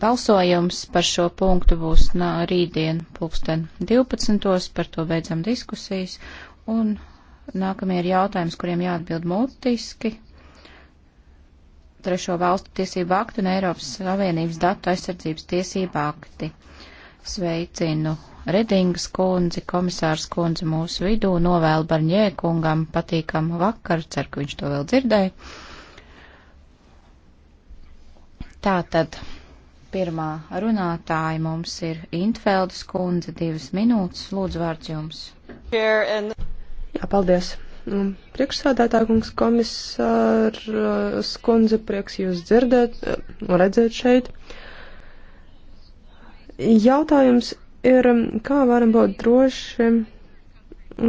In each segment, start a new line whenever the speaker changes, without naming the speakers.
Balsojums par šo punktu būs nā, rītdien pulksten 12. par to beidzam diskusijas. Un nākamie ir jautājums, kuriem jāatbild mutiski. Trešo valstu tiesību aktu un Eiropas Savienības datu aizsardzības tiesību akti. Sveicinu Redingas kundzi, komisārs kundzi mūsu vidū, novēlu Barņē kungam patīkamu vakaru, ceru, ka viņš to vēl dzirdēja. Tātad Pirmā runātāja mums ir Intfeldes kundze, divas minūtes. Lūdzu, vārds jums. Jā, paldies. Nu, Priekšsādātākums komisārs uh, kundze,
prieks jūs dzirdēt, uh, redzēt šeit. Jautājums ir, um, kā varam būt droši,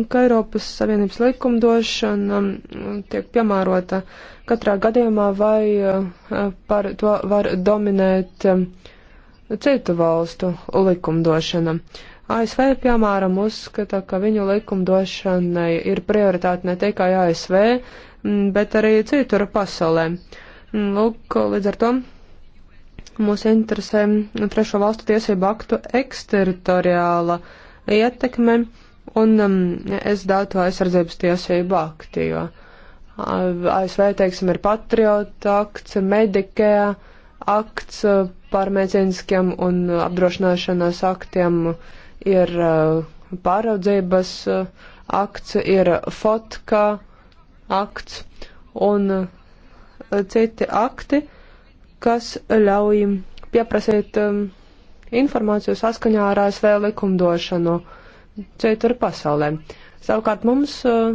ka Eiropas Savienības likumdošana um, tiek piemērota katrā gadījumā vai uh, par to var dominēt um, citu valstu likumdošana. ASV, piemēram, uzskata, ka viņu likumdošanai ir prioritāte ne tikai ASV, mm, bet arī citur pasaulē. Mm, lūk, līdz ar to mūs interesē trešo valstu tiesību aktu eksteritoriāla ietekme un um, es datu aizsardzības tiesību akti, jo uh, ASV, teiksim, ir patriota akts, medikēja akts uh, par medicīniskiem un apdrošināšanas aktiem ir uh, pāraudzības akts, ir fotka akts un citi akti, kas ļauj pieprasīt um, informāciju saskaņā ar ASV likumdošanu. No citur pasaulē. Savukārt mums uh,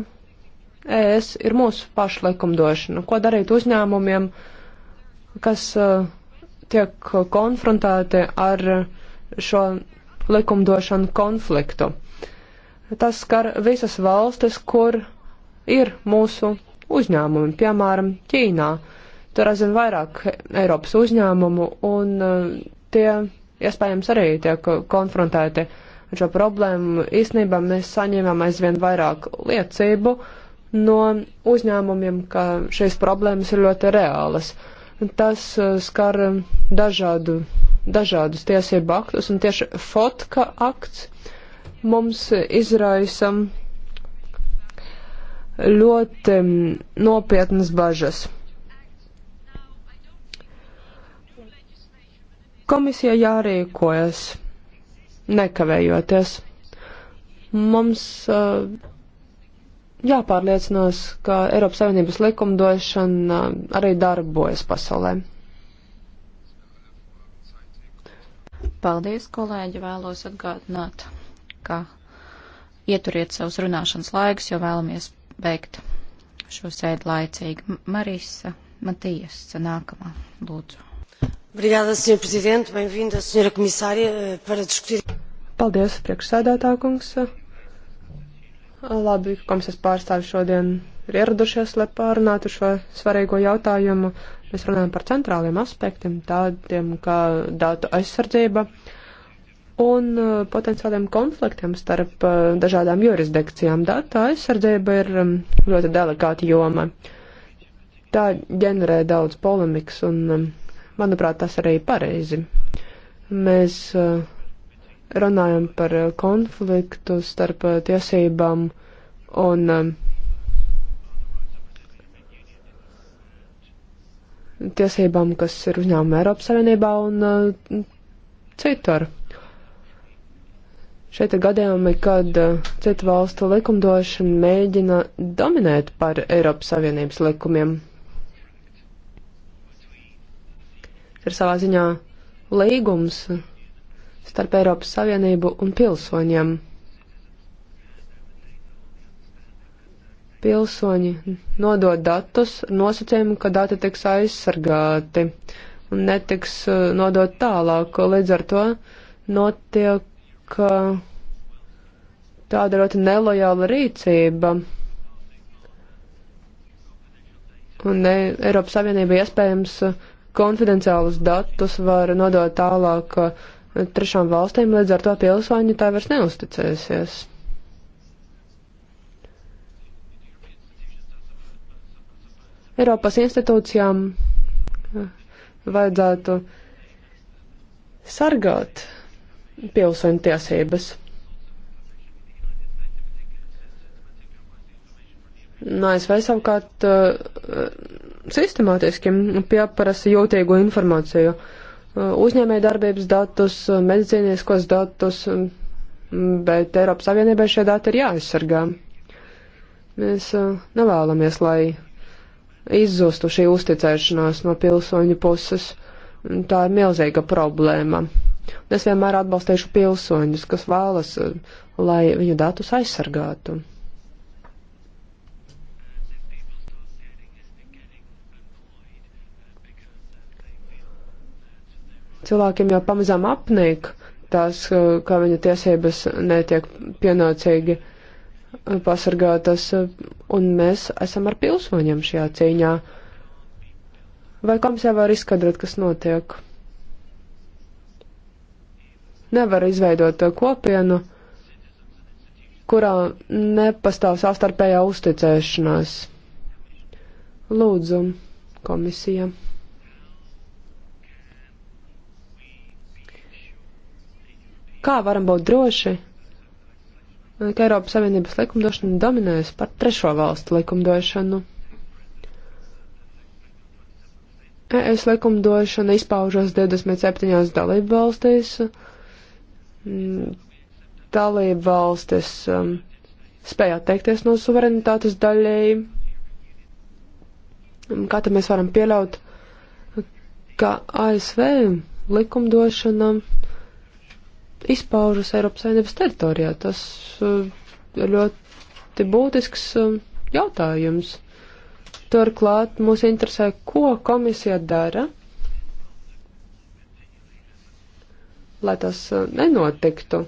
ES ir mūsu pašu likumdošana. Ko darīt uzņēmumiem, kas uh, tiek konfrontēti ar šo likumdošanu konfliktu? Tas skar visas valstis, kur ir mūsu uzņēmumi, piemēram, Ķīnā. Tur aizvien vairāk Eiropas uzņēmumu un uh, tie iespējams arī tiek konfrontēti ar ar šo problēmu. Īsnībā mēs saņēmām aizvien vairāk liecību no uzņēmumiem, ka šīs problēmas ir ļoti reālas. Tas uh, skar dažādu, dažādus tiesību aktus, un tieši fotka akts mums izraisa ļoti mm, nopietnas bažas. Komisija jārīkojas nekavējoties. Mums uh, jāpārliecinās, ka Eiropas Savienības likumdošana uh, arī darbojas
pasaulē. Paldies, kolēģi, vēlos atgādināt, ka ieturiet savus runāšanas laikus, jo vēlamies beigt šo sēdi laicīgi. Marisa Matijas, nākamā, lūdzu. Obrigada, Sr. Presidente. Bem-vinda, Sra. Komisārija, eh, para discutir.
Paldies, priekšsēdētākungs. Labi, komisijas pārstāvi šodien ir ieradušies, lai pārunātu šo svarīgo jautājumu. Mēs runājam par centrāliem aspektiem, tādiem kā datu aizsardzība un uh, potenciāliem konfliktiem starp uh, dažādām jurisdikcijām. Data aizsardzība ir um, ļoti delikāta joma. Tā ģenerē daudz polemikas un um, Manuprāt, tas arī pareizi. Mēs uh, runājam par uh, konfliktu starp uh, tiesībām un um, tiesībām, kas ir uzņēmuma Eiropas Savienībā un citur. Šeit ir gadījumi, kad citu valstu likumdošana mēģina dominēt par Eiropas Savienības likumiem. ir savā ziņā līgums starp Eiropas Savienību un pilsoņiem. Pilsoņi nodod datus ar nosacījumu, ka dati tiks aizsargāti un netiks eh, nodot tālāk. Līdz ar to notiek eh, tāda ļoti nelojāla rīcība. Un ne, eh, Eiropas Savienība iespējams uh, konfidenciālus datus var nodot tālāk uh, trešām valstīm, līdz ar to pilsoņi tā vairs neusticēsies. Eiropas institūcijām uh, vajadzētu sargāt pilsoņu tiesības. No nu, ASV savukārt uh, sistemātiski pieprasa jūtīgo informāciju, uh, uzņēmēja darbības datus, uh, medicīniskos datus, um, bet Eiropas Savienībai šie dati ir jāaizsargā. Mēs uh, nevēlamies, lai izzustu šī uzticēšanās no pilsoņu puses. Tā ir milzīga problēma. Es vienmēr atbalstīšu pilsoņus, kas vēlas, lai viņu datus aizsargātu. Cilvēkiem jau pamazām apnīk tas, ka viņa tiesības netiek pienācīgi uh, pasargātas, uh, un mēs esam ar pilsoņiem šajā cīņā. Vai komisija var izskaidrot, kas notiek? Nevar izveidot uh, kopienu, kurā nepastāv sastarpējā uzticēšanās. Lūdzu, komisija. Kā varam būt droši, ka Eiropas Savienības likumdošana dominēs par trešo valstu likumdošanu? ES likumdošana izpaužas 27 dalību valstīs. Mm, dalību valstis um, spēja atteikties no suverenitātes daļēji. Kā tad mēs varam pieļaut, ka ASV likumdošana izpaužas Eiropas Savienības teritorijā. Tas eh, ir ļoti būtisks eh, jautājums. Turklāt mūs interesē, ko komisija dara, lai tas eh, nenotiktu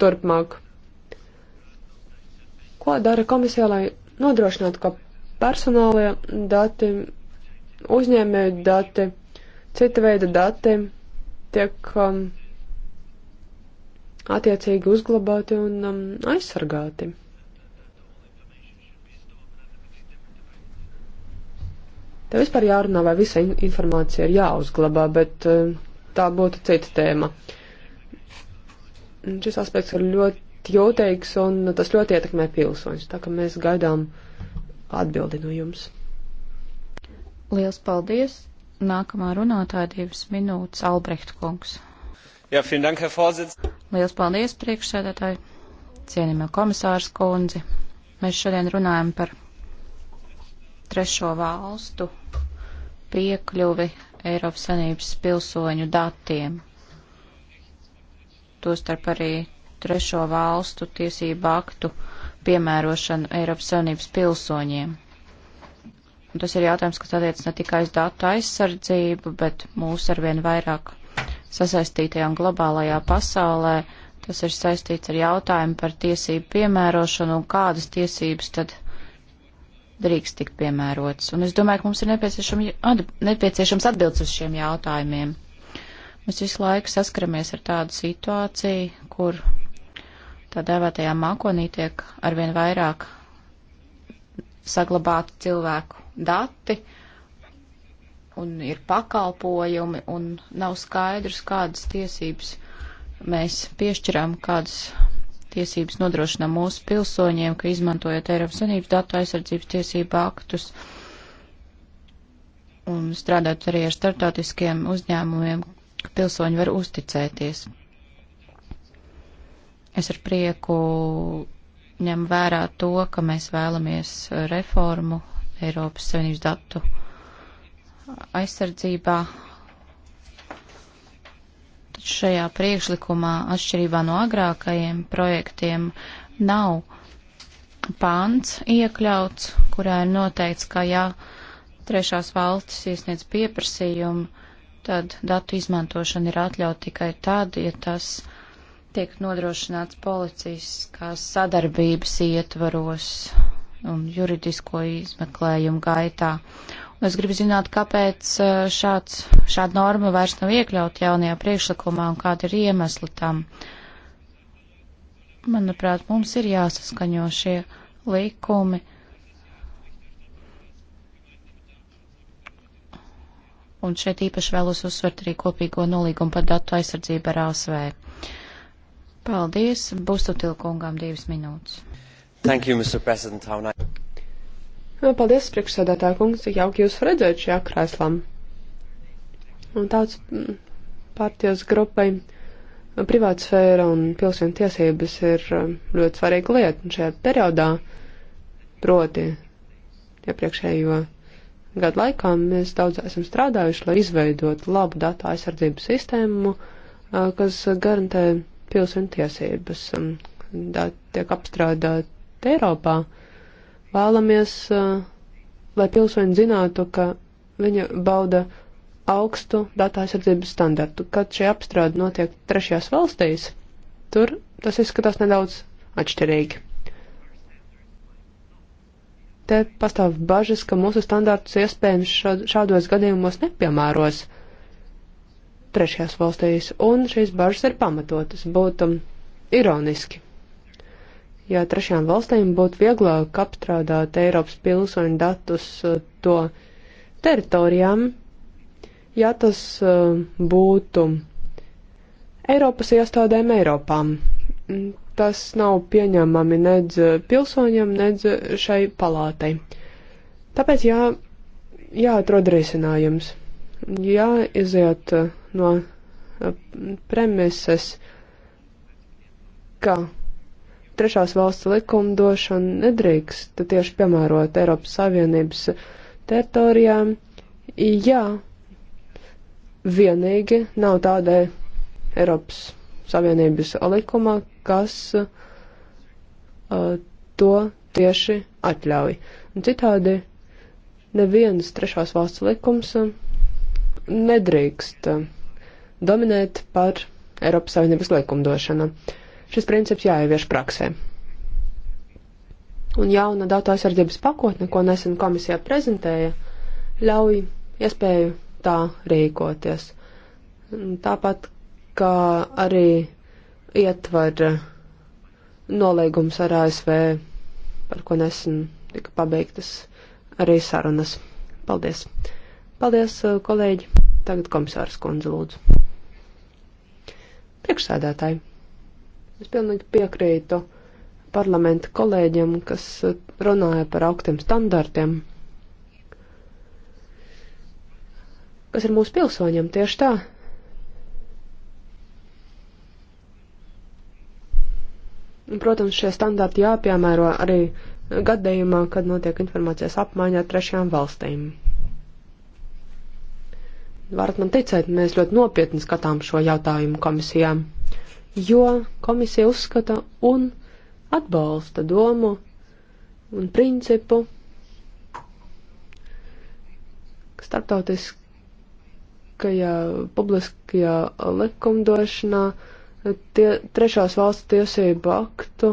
turpmāk. Ko dara komisija, lai nodrošinātu, ka personālie dati, uzņēmēju dati, cita veida dati tiek um, attiecīgi uzglabāti un um, aizsargāti. Te vispār jārunā, vai visa informācija ir jāuzglabā, bet uh, tā būtu cita tēma. Un šis aspekts ir ļoti jūtīgs un tas ļoti ietekmē pilsoņus, tā ka mēs gaidām atbildi no jums.
Liels paldies! Nākamā runātāja divas minūtes Albrecht kungs. Ja, dank, Liels paldies, priekšsēdētāji, cienījamā komisārs kundzi. Mēs šodien runājam par trešo valstu piekļuvi Eiropas Sanības pilsoņu datiem. Tostarp arī trešo valstu tiesību aktu piemērošanu Eiropas Savienības pilsoņiem. Un tas ir jautājums, kas attiec ne tikai uz datu aizsardzību, bet mūs arvien vairāk sasaistītajā un globālajā pasaulē. Tas ir saistīts ar jautājumu par tiesību piemērošanu un kādas tiesības tad drīkst tikt piemērotas. Un es domāju, ka mums ir nepieciešams, atb nepieciešams atbildes uz šiem jautājumiem. Mēs visu laiku saskaramies ar tādu situāciju, kur tā dēvētajā mākonī tiek arvien vairāk saglabāti cilvēku dati, uh, un ir pakalpojumi, un nav skaidrs, kādas tiesības mēs piešķiram, kādas tiesības nodrošinām mūsu pilsoņiem, ka izmantojot Eiropas Savienības datu aizsardzības tiesību aktus un strādāt arī ar startautiskiem uzņēmumiem, ka pilsoņi var uzticēties. Es ar prieku ņem vērā to, ka mēs vēlamies reformu Eiropas Savienības datu aizsardzībā. Tad šajā priekšlikumā, atšķirībā no agrākajiem projektiem, nav pāns iekļauts, kurā ir noteikts, ka ja trešās valstis iesniedz pieprasījumu, tad datu izmantošana ir atļauta tikai tad, ja tas tiek nodrošināts policiskās sadarbības ietvaros un juridisko izmeklējumu gaitā. Un es gribu zināt, kāpēc eh, šāds, šāda norma vairs nav iekļaut jaunajā priekšlikumā un kāda ir iemesli tam. Manuprāt, mums ir jāsaskaņo šie likumi. Un šeit īpaši vēlos uzsvert arī kopīgo nolīgumu par datu aizsardzību ar ASV. Paldies, Bustutilkungām divas minūtes.
Thank you, Mr. President. How nice.
Paldies, priekšsēdētāja kungs, cik jauki jūs redzēt šajā krēslā. Un tāds mm, partijas grupai privātsfēra un pilsēņu tiesības ir mm, ļoti svarīga lieta un šajā periodā, proti iepriekšējo gadu laikā, mēs daudz esam strādājuši, lai izveidotu labu datu aizsardzības sistēmu, kas garantē pilsēņu tiesības. Dati tiek apstrādāti Eiropā Vēlamies, lai pilsoņi zinātu, ka viņa bauda augstu datu aizsardzības standartu. Kad šī apstrāde notiek trešajās valstīs, tur tas izskatās nedaudz atšķirīgi. Te pastāv bažas, ka mūsu standartus iespējams šādos gadījumos nepiemēros trešajās valstīs, un šīs bažas ir pamatotas. Būtu ironiski, ja trešajām valstīm būtu vieglāk apstrādāt Eiropas pilsoņu datus uh, to teritorijām, ja tas uh, būtu Eiropas iestādēm Eiropām. Mm, tas nav pieņemami nedz pilsoņiem, nedz šai palātei. Tāpēc jā, jāatrod risinājums, jāiziet uh, no premises, ka trešās valsts likumdošana nedrīkst tieši piemērot Eiropas Savienības teritorijām. Jā, vienīgi nav tādai Eiropas Savienības likumā, kas uh, to tieši atļauj. Un citādi neviens trešās valsts likums nedrīkst dominēt par Eiropas Savienības likumdošanu. Uh, šis princips jāievieš praksē. Un jauna datu aizsardzības pakotne, ko nesen komisija prezentēja, ļauj iespēju tā rīkoties. Tāpat kā arī ietver nolīgums ar ASV, par ko nesen tika pabeigtas arī sarunas. Paldies! Paldies, eh, kolēģi! Tagad komisārs kundze lūdzu. Priekšsēdētāji! Es pilnīgi piekrītu parlamenta kolēģiem, kas eh, runāja par augstiem standartiem. Kas ir mūsu pilsoņiem tieši tā? Un, protams, šie standarti jāpiemēro arī gadījumā, kad notiek informācijas apmaiņā ar trešajām valstīm. Varat man ticēt, mēs ļoti nopietni skatām šo jautājumu komisijām jo komisija uzskata un atbalsta domu un principu, ka starptautiskajā publiskajā likumdošanā tie, trešās valsts tiesību aktu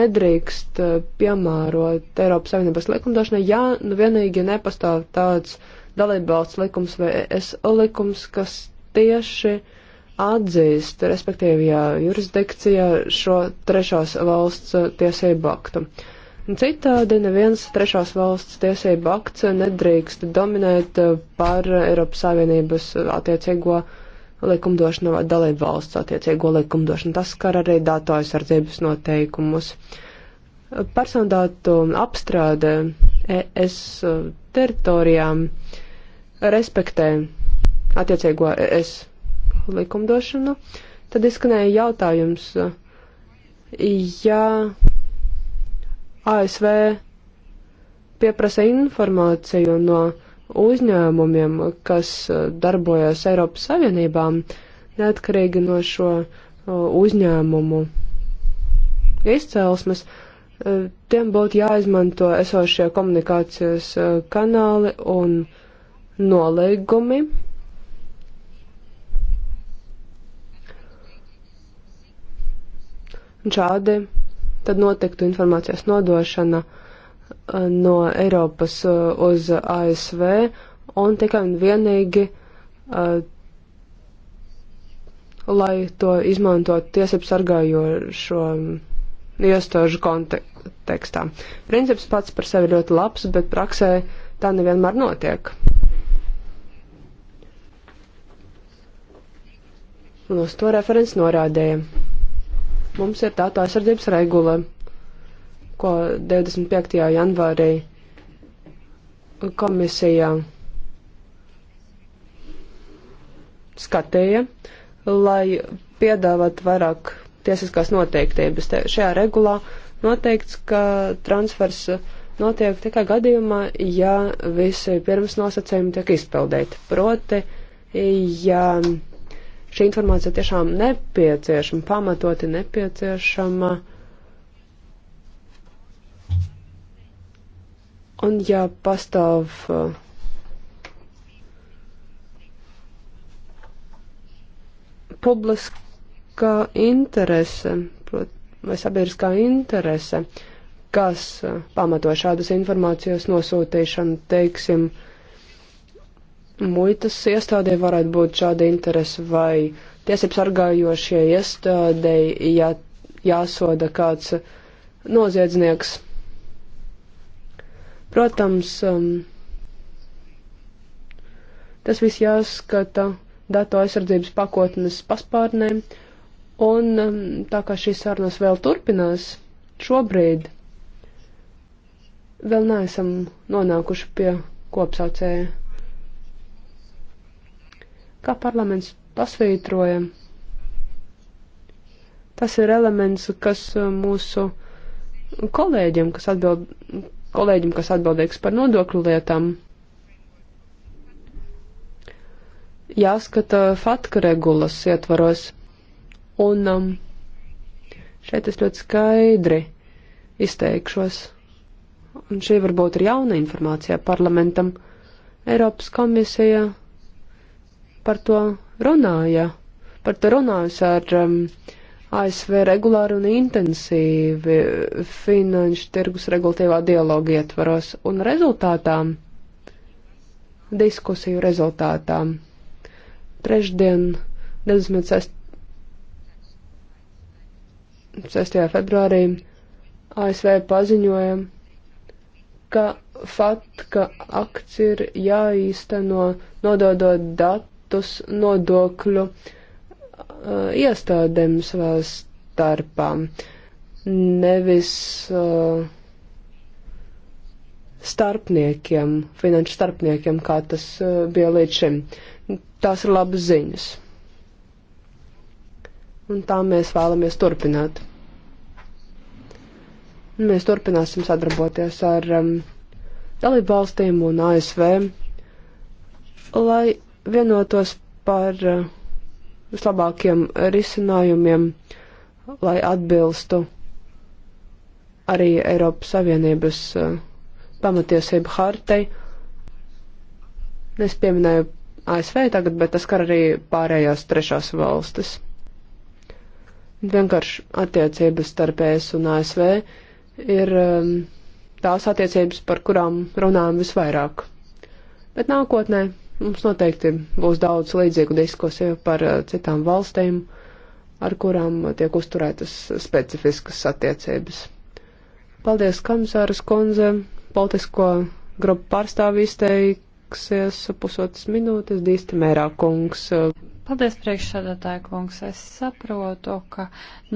nedrīkst eh, piemērot Eiropas Savienības likumdošanai, ja nu vienīgi nepastāv tāds dalībvalsts likums vai es likums, kas tieši uh, atzīst, respektīvajā jurisdikcijā šo trešās valsts eh, tiesību aktu. Citādi neviens trešās valsts tiesību akts nedrīkst dominēt eh, par Eiropas Savienības attiecīgo likumdošanu vai dalību valsts attiecīgo likumdošanu. Tas skar arī datu aizsardzības noteikumus. Personādātu apstrāde ES teritorijām respektē attiecīgo ES likumdošanu, tad izskanēja jautājums, ja ASV pieprasa informāciju no uzņēmumiem, kas darbojas Eiropas Savienībām, neatkarīgi no šo uzņēmumu izcelsmes, e, tiem būtu jāizmanto esošie komunikācijas e, kanāli un nolīgumi, Un šādi tad notiktu informācijas nodošana eh, no Eiropas eh, uz ASV un tikai un vienīgi, eh, lai to izmantotu tiesību sargājošo iestāžu kontekstā. Princips pats par sevi ļoti labs, bet praksē tā nevienmēr notiek. Un uz to referents norādēja mums ir datu aizsardzības regula, ko 25. janvārī komisija skatīja, lai piedāvāt vairāk tiesiskās noteiktības. Te, šajā regulā noteikts, ka transfers notiek tikai gadījumā, ja visi pirms nosacījumi tiek izpildīti. Proti, ja Šī informācija tiešām nepieciešama, pamatoti nepieciešama. Un ja pastāv uh, publiskā interese vai sabiedriskā interese, kas uh, pamato šādas informācijas nosūtīšanu, teiksim, uh, muitas iestādē varētu būt šāda interese vai tiesību sargājošie iestādē jā, jāsoda kāds noziedznieks. Protams, um, tas viss jāskata datu aizsardzības pakotnes paspārnē, un um, tā kā šīs sarunas vēl turpinās, šobrīd vēl neesam nonākuši pie kopsaucēja. Kā parlaments pasvītroja, tas ir elements, kas uh, mūsu kolēģiem, kas atbild, kolēģim, kas atbildīgs par nodokļu lietām, jāskata fatka regulas ietvaros. Un um, šeit es ļoti skaidri izteikšos. Un šī varbūt ir jauna informācija parlamentam. Eiropas komisija par to runāja. Par to runājusi ar um, ASV regulāri un intensīvi finanšu tirgus regulatīvā dialoga ietvaros un rezultātām, diskusiju rezultātām. Trešdien, 26. 6. februārī, ASV paziņoja, ka FATKA akts ir jāīsteno nododot datu datus nodokļu uh, iestādēm savā starpā. Nevis uh, starpniekiem, finanšu starpniekiem, kā tas uh, bija līdz šim. Tās ir labas ziņas. Un tā mēs vēlamies turpināt. Mēs turpināsim sadarboties ar um, dalībvalstīm un ASV, lai vienotos par eh, vislabākiem risinājumiem, lai atbilstu arī Eiropas Savienības eh, pamatiesību hartai. Es pieminēju ASV tagad, bet tas skar arī pārējās trešās valstis. Vienkārši attiecības starp ES un ASV ir eh, tās attiecības, par kurām runājam visvairāk. Bet nākotnē Mums noteikti būs daudz līdzīgu diskusiju par eh, citām valstīm, ar kurām tiek uzturētas specifiskas attiecības. Paldies, Kamsāras kundze. Politisko grupu pārstāvi izteiksies pusotras minūtes. Dīsta Mērā kungs. Eh,
Paldies, priekšsēdētāja kungs. Es saprotu, ka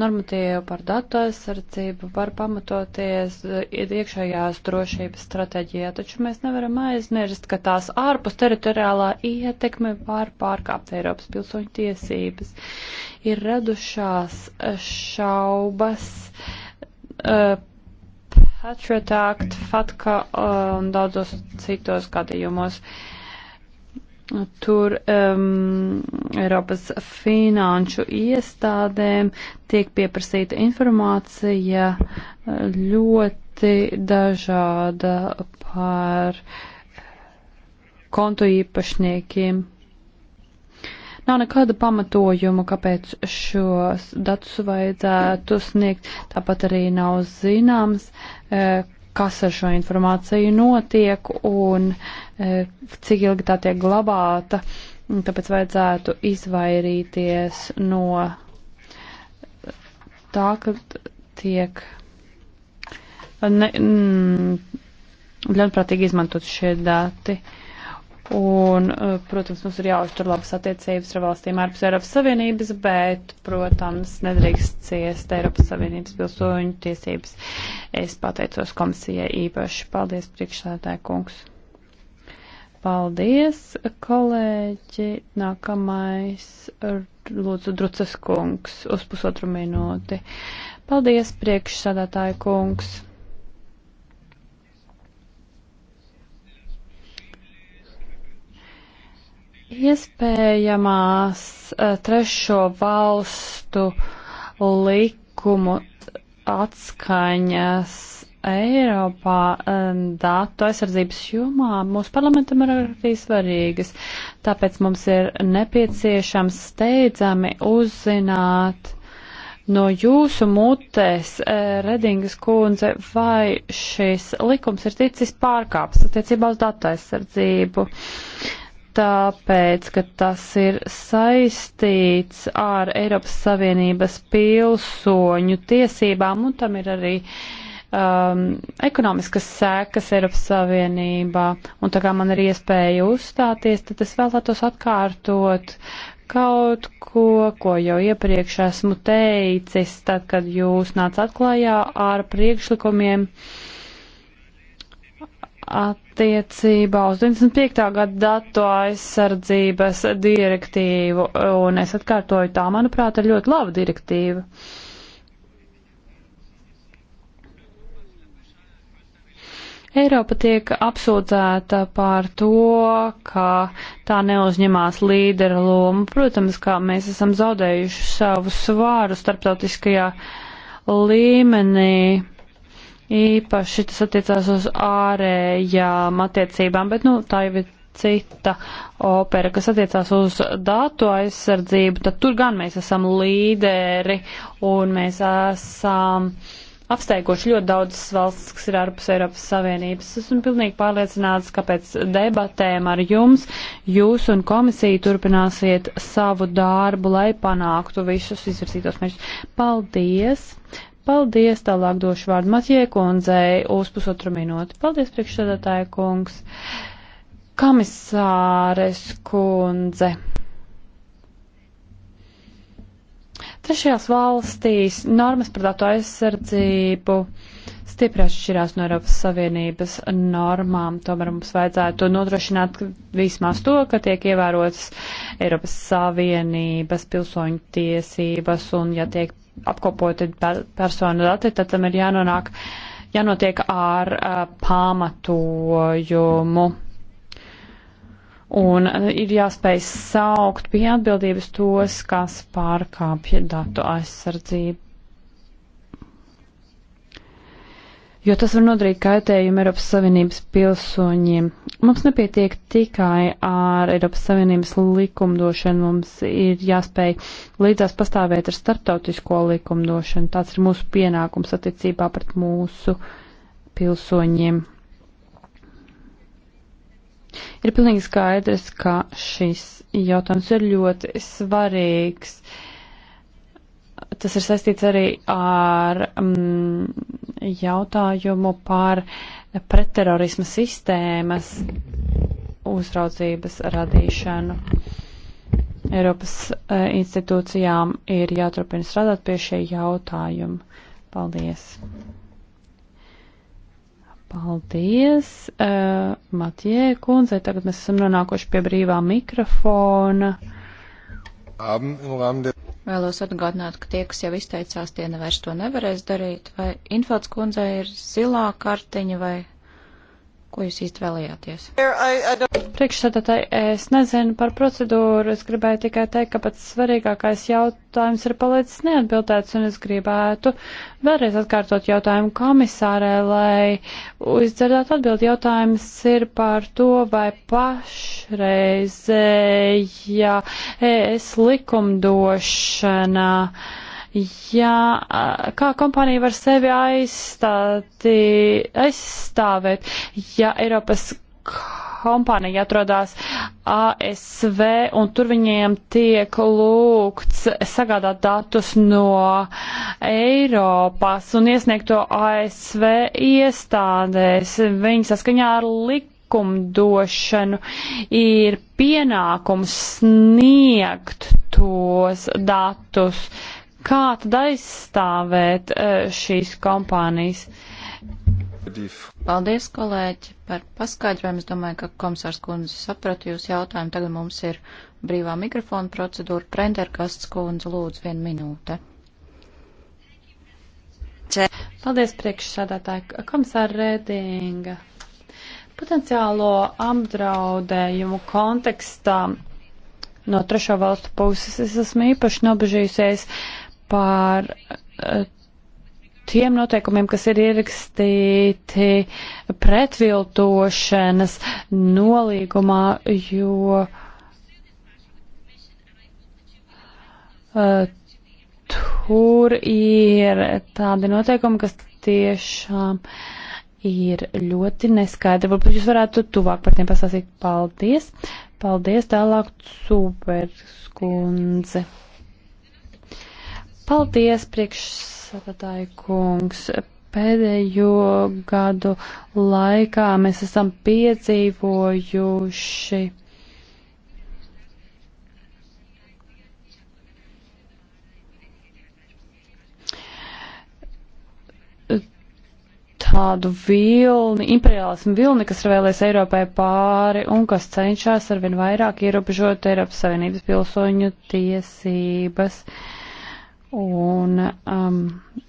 normatīvi par datu aizsardzību var pamatoties e, iekšējās drošības stratēģijā, taču mēs nevaram aizmirst, ka tās ārpus teritoriālā ietekme var pārkāpt Eiropas pilsoņu tiesības. Ir radušās šaubas. Uh, Patriot Act, FATKA uh, un daudzos citos gadījumos. Uh, Tur um, Eiropas finanšu iestādēm tiek pieprasīta informācija uh, ļoti dažāda par kontu īpašniekiem. Nav nekāda pamatojuma, kāpēc šos datus vajadzētu sniegt. Tāpat arī nav zināms, uh, kas ar šo informāciju notiek un uh, E, cik ilgi tā tiek glabāta, tāpēc vajadzētu izvairīties no tā, ka tiek ne, mm, ļaunprātīgi izmantot šie dati. Un, e, protams, mums ir jāuztur labas attiecības ar valstīm ārpus Eiropas Savienības, bet, protams, nedrīkst ciest Eiropas Savienības pilsoņu tiesības. Es pateicos komisijai īpaši. Paldies, priekšsēdētāji kungs! Paldies, kolēģi. Nākamais, lūdzu, Drucas kungs, uz pusotru minūti. Paldies, priekšsādātāja kungs. Iespējamās eh, trešo valstu likumu atskaņas Eiropā um, datu aizsardzības jomā mūsu parlamentam ir arī svarīgas. Tāpēc mums ir nepieciešams steidzami uzzināt no jūsu mutēs, eh, Redingas kundze, vai šis likums ir ticis pārkāpts attiecībā uz datu aizsardzību. Tāpēc, ka tas ir saistīts ar Eiropas Savienības pilsoņu tiesībām, un tam ir arī uh, um, ekonomiskas sēkas Eiropas Savienībā, un tā kā man ir iespēja uzstāties, tad es vēlētos atkārtot kaut ko, ko jau iepriekš esmu teicis, tad, kad jūs nācāt klajā ar priekšlikumiem attiecībā uz 95. gada datu aizsardzības direktīvu, un es atkārtoju, tā, manuprāt, ir ļoti laba direktīva. Uh, Eiropa tiek apsūdzēta par to, ka tā neuzņemās līdera lomu. Protams, kā mēs esam zaudējuši savu svāru starptautiskajā līmenī. Īpaši tas attiecās uz ārējām attiecībām, bet nu, tā jau ir cita opera, kas attiecās uz datu aizsardzību, tad tur gan mēs esam līderi un mēs esam. Uh, apsteiguši ļoti daudzas valsts, kas ir ārpus Eiropas Savienības. Esmu pilnīgi pārliecināts, ka pēc debatēm ar jums jūs un komisija turpināsiet savu darbu, lai panāktu visus izvirzītos mērķus. Paldies! Paldies, tālāk došu vārdu Matjē kundzei uz pusotru minūti. Paldies, priekšsēdētāja kungs! Komisāres kundze! Trešajās valstīs normas par datu aizsardzību stipri atšķirās no Eiropas Savienības normām. Tomēr mums vajadzētu nodrošināt vismaz to, ka tiek ievērotas Eiropas Savienības pilsoņu tiesības un, ja tiek apkopoti per, personu dati, tad tam ir jānonāk, jānotiek ar uh, pamatojumu un eh, ir jāspēj saukt pie atbildības tos, kas pārkāpja datu aizsardzību. Jo tas var nodarīt kaitējumu Eiropas Savienības pilsoņiem. Mums nepietiek tikai ar Eiropas Savienības likumdošanu, mums ir jāspēj līdzās pastāvēt ar starptautisko likumdošanu. Tāds ir mūsu pienākums attiecībā pret mūsu pilsoņiem. Ir pilnīgi skaidrs, ka šis jautājums ir ļoti svarīgs. Tas ir saistīts arī ar mm, jautājumu par pretterorisma sistēmas uzraudzības radīšanu. Eiropas uh, institūcijām ir jāturpina strādāt pie šie jautājumi. Paldies! Paldies, uh, Matjē kundze. Tagad mēs esam nonākuši pie brīvā mikrofona.
Vēlos atgādināt, ka tie, kas jau izteicās, tie nevairs to nevarēs darīt. Vai Infots kundze ir zilā kartiņa vai Ko jūs īsti vēlējāties? Priekšsēdētāji, es nezinu par procedūru.
Es gribēju tikai teikt, ka pats svarīgākais jautājums ir palicis neatbildēts, un es gribētu vēlreiz atkārtot jautājumu komisārē, lai izdzirdētu atbildi. Jautājums ir par to, vai pašreizējā ja e es likumdošana. Ja, ja kā kompānija var sevi aizstāti, aizstāvēt, ja Eiropas kompānija atrodas ASV un tur viņiem tiek lūgts sagādāt datus no Eiropas un iesniegt to ASV iestādēs. Viņi saskaņā ar likumdošanu ir pienākums sniegt tos datus. Kā tad aizstāvēt
e, šīs kompānijas? Paldies, kolēģi, par paskaidrojumu. Es domāju, ka komisārs kundze saprata jūs jautājumu. Tagad mums ir brīvā mikrofona procedūra. Prendergasts kundze, lūdzu, vienu minūte. Paldies, priekšsādātāji. Komisāra Rēdinga.
Potenciālo apdraudējumu kontekstā no trešo valstu puses es esmu īpaši nobežījusies par eh, tiem noteikumiem, kas ir ierakstīti pretviltošanas nolīgumā, jo uh, tur ir tādi noteikumi, kas tiešām ir ļoti neskaidri. Varbūt jūs varētu tuvāk par tiem pasāstīt. Paldies! Paldies tālāk, superskundze! Paldies, priekšsādātāji kungs. Pēdējo gadu laikā mēs esam piedzīvojuši. tādu vilni, imperiālismu vilni, kas ir vēlēs Eiropai pāri un kas cenšas arvien vairāk ierobežot Eiropas Savienības pilsoņu tiesības. Uh, Un um,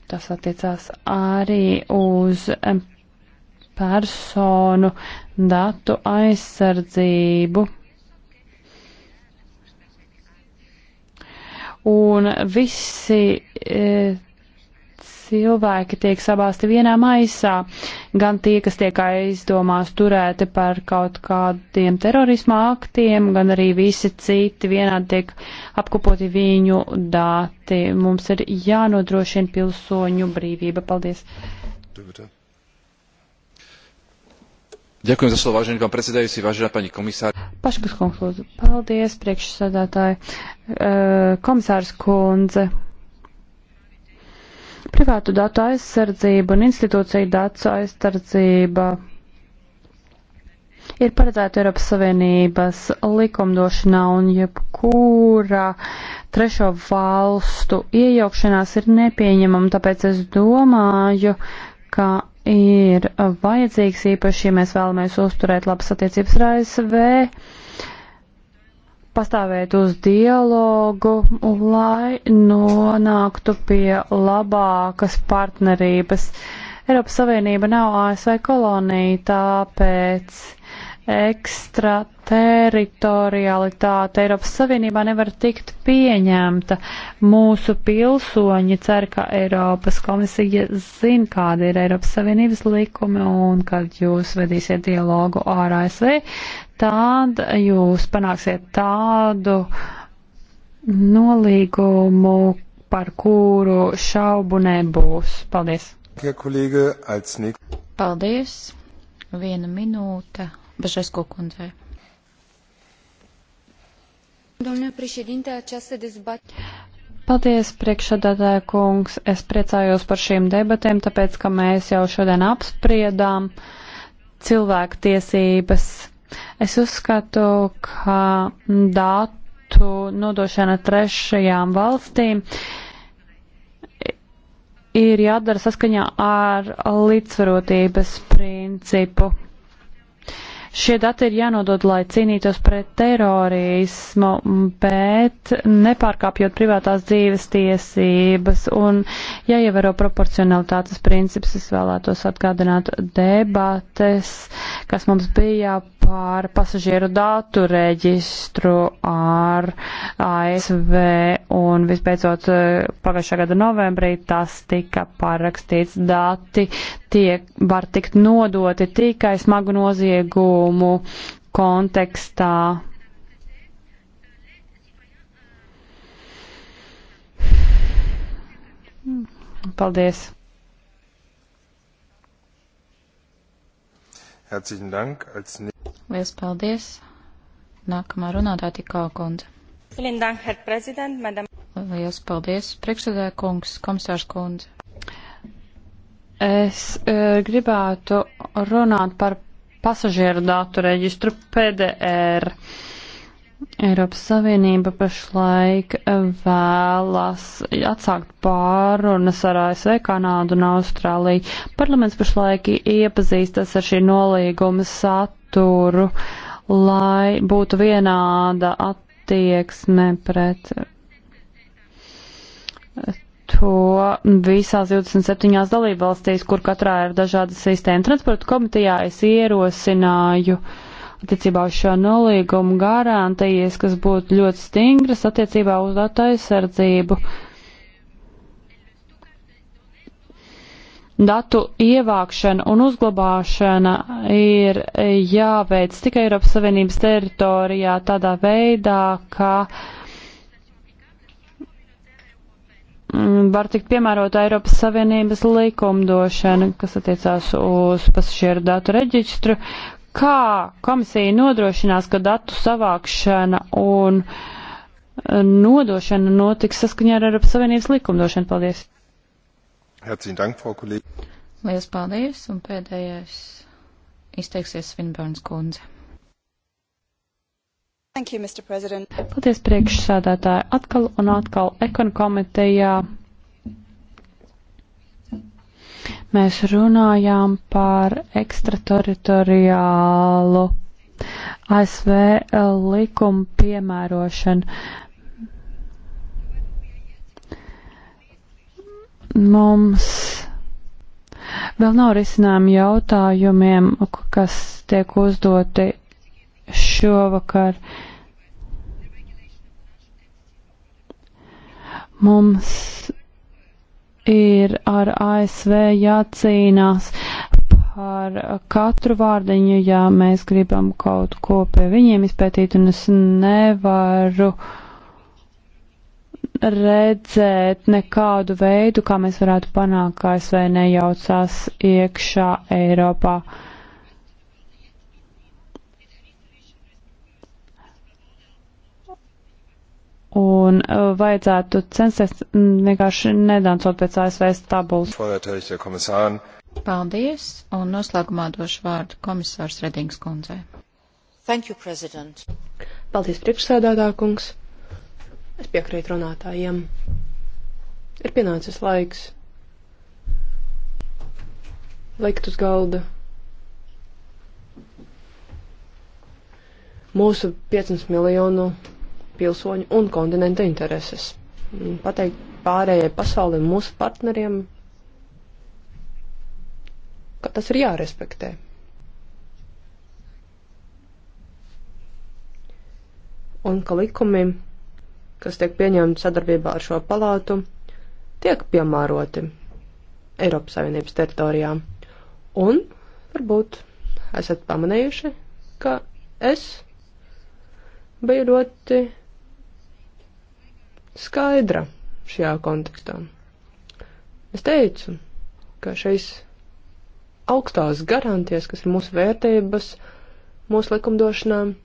tas attiecās arī uz um, personu datu aizsardzību. Un visi e, cilvēki tiek sabāsti vienā maisā, gan tie, kas tiek aizdomās turēti par kaut kādiem terorisma aktiem, gan arī visi citi vienādi tiek apkopoti viņu dati. Mums ir jānodrošina pilsoņu brīvība. Paldies! Ďakujem za slovo, vážený pán predsedajúci, vážená pani komisár. Paškas kungs, paldies, priekšsēdētāji, komisārs kundze. Privātu datu aizsardzība un institūciju datu aizsardzība ir paredzēta Eiropas Savienības likumdošanā un jebkura trešo valstu iejaukšanās ir nepieņemama, tāpēc es domāju, ka ir vajadzīgs īpaši, ja mēs vēlamies uzturēt labas attiecības ar ASV pastāvēt uz dialogu, lai nonāktu pie labākas partnerības. Eiropas Savienība nav ASV kolonija, tāpēc ekstrateritorialitāte Eiropas Savienībā nevar tikt pieņemta. Mūsu pilsoņi cer, ka Eiropas komisija zina, kāda ir Eiropas Savienības likumi un kad jūs vedīsiet dialogu ar ASV, Tad jūs panāksiet tādu nolīgumu, par kuru šaubu
nebūs. Paldies! Paldies! Viena minūte Bažesko kundzei.
Paldies, priekšsēdētāja kungs. Es priecājos par šīm debatēm, tāpēc, ka mēs jau šodien apspriedām cilvēku tiesības Es uzskatu, ka datu nodošana trešajām valstīm ir jādara saskaņā ar līdzsvarotības principu. Šie dati ir jānodod, lai cīnītos pret terorismu, bet nepārkāpjot privātās dzīves tiesības un jāievēro ja proporcionalitātes princips. Es vēlētos atgādināt debates, kas mums bija par pasažieru datu reģistru ar ASV un visbeidzot eh, pagājušā gada novembrī tas tika parakstīts. Dati tiek, var tikt nodoti tikai smagu noziegumu kontekstā.
Paldies! Herzlichen Dank. Als Lielas paldies! Nākamā runātā tikā kundze. Lielas paldies, priekšsēdē kungs, komisārs kundze. Es e, gribētu runāt par
pasažieru datu reģistru PDR. Eiropas Savienība pašlaik e, vēlas atsākt pārunas ar ASV, Kanādu un Austrāliju. Parlaments pašlaik iepazīstas ar šī nolīguma saturu saturu, lai būtu vienāda attieksme pret to visās 27 dalībvalstīs, kur katrā ir dažāda sistēma. Transporta komitejā es ierosināju attiecībā uz šo nolīgumu garantijas, kas būtu ļoti stingras attiecībā uz datu aizsardzību. Uh, Datu ievākšana un uzglabāšana ir jāveic tikai Eiropas Savienības teritorijā tādā veidā, ka mm, var tikt piemērota Eiropas Savienības likumdošana, kas attiecās uz pasažieru datu reģistru. Kā komisija nodrošinās, ka datu savākšana un nodošana notiks saskaņā ar Eiropas Savienības likumdošanu? Paldies!
Lielas paldies, un pēdējais izteiksies Svinbērns kundze.
Thank you, Mr. President. Paldies, priekšsādātāji, atkal un atkal ekon komitejā. Mēs runājām par ekstrateritoriālu ASV likumu piemērošanu Mums vēl nav risinājumi jautājumiem, kas tiek uzdoti šovakar. Mums ir ar ASV jācīnās par katru vārdiņu, ja mēs gribam kaut ko pie viņiem izpētīt, un es nevaru uh, redzēt nekādu veidu, kā mēs varētu panākt, ka ASV nejaucās iekšā Eiropā. Un uh, vajadzētu censties vienkārši nedancot pēc ASV
tabulas. Paldies, un noslēgumā došu vārdu komisārs Redings kundzei.
Thank you, President. Paldies, priekšsēdētā kungs. Es piekrītu runātājiem. Ir pienācis laiks likt uz galda mūsu 500 miljonu pilsoņu un kontinenta intereses. Pateikt pārējai pasaulē mūsu partneriem, ka tas ir jārespektē. Un ka likumi kas tiek pieņemti sadarbībā ar šo palātu, tiek piemēroti Eiropas Savienības teritorijā. Un varbūt esat pamanījuši, ka es biju ļoti skaidra šajā kontekstā. Es teicu, ka šīs augstās garantijas, kas ir mūsu vērtības, mūsu likumdošanām,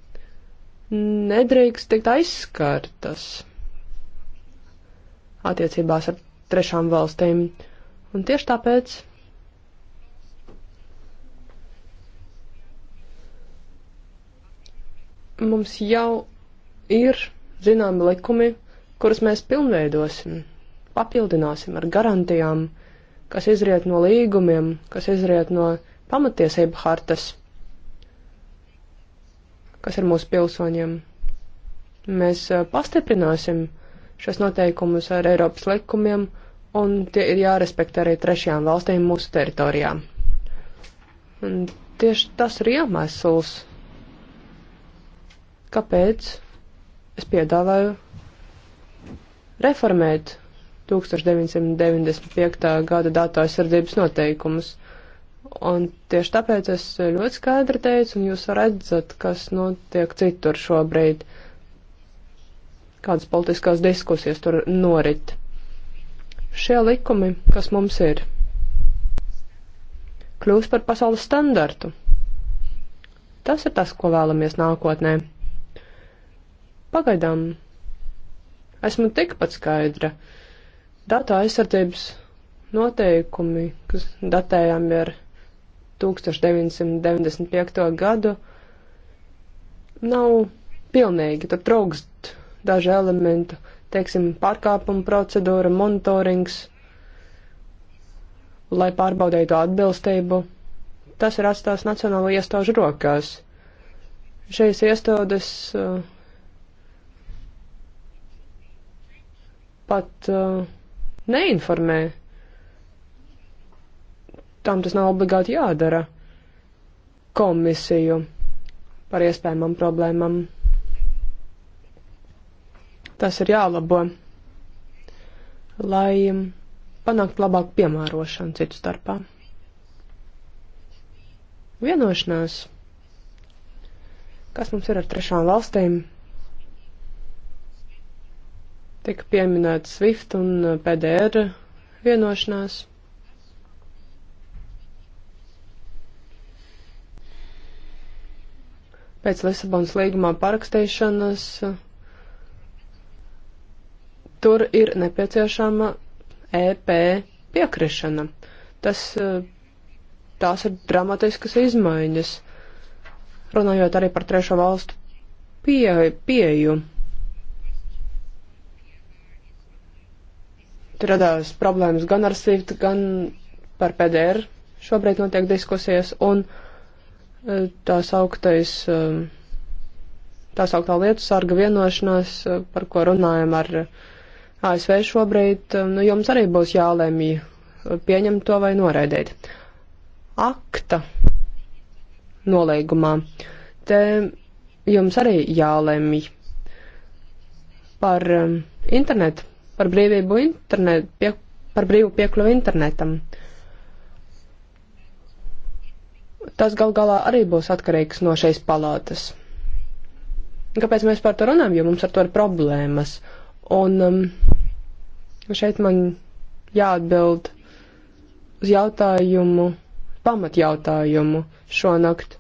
nedrīkst tikt aizskartas attiecībās ar trešām valstīm. Un tieši tāpēc mums jau ir zināmi likumi, kurus mēs pilnveidosim, papildināsim ar garantijām, kas izriet no līgumiem, kas izriet no pamatiesību hartas kas ir mūsu pilsoņiem. Mēs pastiprināsim šos noteikumus ar Eiropas likumiem, un tie ir jārespektē arī trešajām valstīm mūsu teritorijā. Un tieši tas ir iemesls, kāpēc es piedāvāju reformēt 1995. gada datu aizsardzības noteikumus. Un tieši tāpēc es ļoti skaidri teicu, un jūs redzat, kas notiek citur šobrīd, kādas politiskās diskusijas tur norit. Šie likumi, kas mums ir, kļūst par pasaules standartu. Tas ir tas, ko vēlamies nākotnē. Pagaidām esmu tikpat skaidra. Datu aizsardzības noteikumi, kas datējami ir. Ar 1995. gadu nav pilnīgi, tad trūkst daži elementi, teiksim, pārkāpuma procedūra, monitorings, lai pārbaudītu atbilstību. Tas ir atstās nacionālo iestāžu rokās. Šīs iestādes uh, pat uh, neinformē tam tas nav obligāti jādara komisiju par iespējamām problēmām. Tas ir jālabo, lai panākt labāku piemērošanu citu starpā. Vienošanās. Kas mums ir ar trešām valstīm? Tika pieminēta SWIFT un PDR vienošanās. pēc Lisabonas līgumā parakstīšanas tur ir nepieciešama EP piekrišana. Tas, tās ir dramatiskas izmaiņas, runājot arī par trešo valstu pie, pieju. Tur radās problēmas gan ar SWIFT, gan par PDR. Šobrīd notiek diskusijas, un uh, tās augtais, um, tās augtā lietu sarga vienošanās, uh, par ko runājam ar ASV šobrīd, um, nu jums arī būs jālēmī uh, pieņemt to vai noraidīt. Akta nolīgumā. Te jums arī jālemj par um, internetu, par brīvību internetu, pie, par brīvu piekļuvu internetam. Uh, tas gal galā arī būs atkarīgs no šīs palātas. Kāpēc mēs par to runājam? Jo mums ar to ir problēmas. Un um, šeit man jāatbild uz jautājumu, pamatjautājumu šonakt.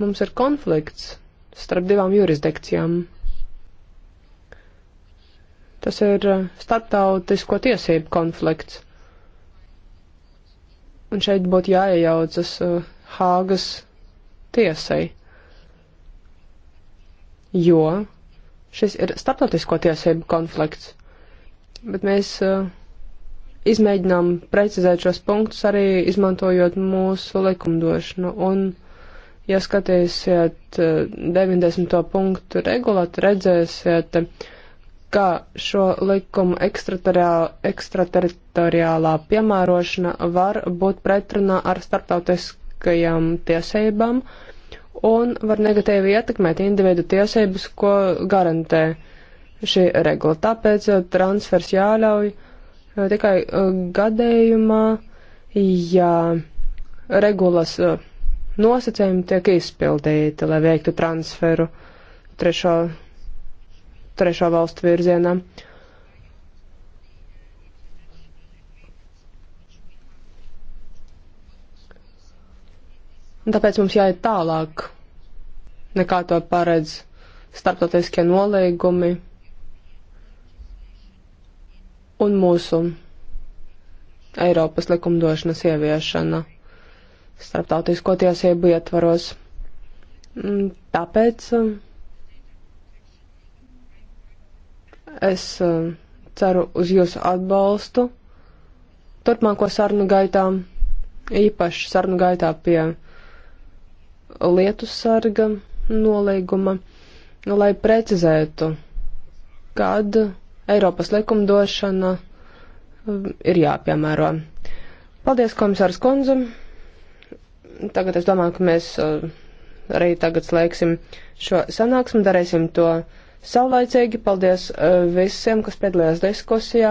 Mums ir konflikts starp divām jurisdikcijām. Tas ir eh, starptautisko tiesību konflikts. Un šeit būtu jāiejaucas eh, Hāgas tiesai, jo šis ir starptautisko tiesību konflikts. Bet mēs eh, izmēģinām precizēt šos punktus arī izmantojot mūsu likumdošanu. Un, ja skatīsiet 90. punktu regulātu, redzēsiet, ka šo likumu ekstrateritoriālā piemērošana var būt pretrunā ar starptautiskajām tiesībām un var negatīvi ietekmēt individu tiesības, ko garantē šī regula. Tāpēc eh, transfers jāļauj eh, tikai eh, gadījumā, ja regulas nosacījumi tiek izpildīti, lai veiktu transferu trešo trešo valstu virzienā. Un tāpēc mums jāiet tālāk, nekā to paredz starptautiskie nolīgumi un mūsu Eiropas likumdošanas ieviešana starptautisko tiesību ietvaros. Tāpēc Es um, ceru uz jūsu atbalstu turpmāko sarunu gaitā, īpaši sarunu gaitā pie lietu sarga nolīguma, lai precizētu, kad Eiropas likumdošana um, ir jāpiemēro. Paldies, komisārs Konze. Tagad es domāju, ka mēs uh, arī tagad slēgsim šo sanāksmu, darīsim to saulaicīgi. Paldies eh, visiem, kas piedalījās diskusijā.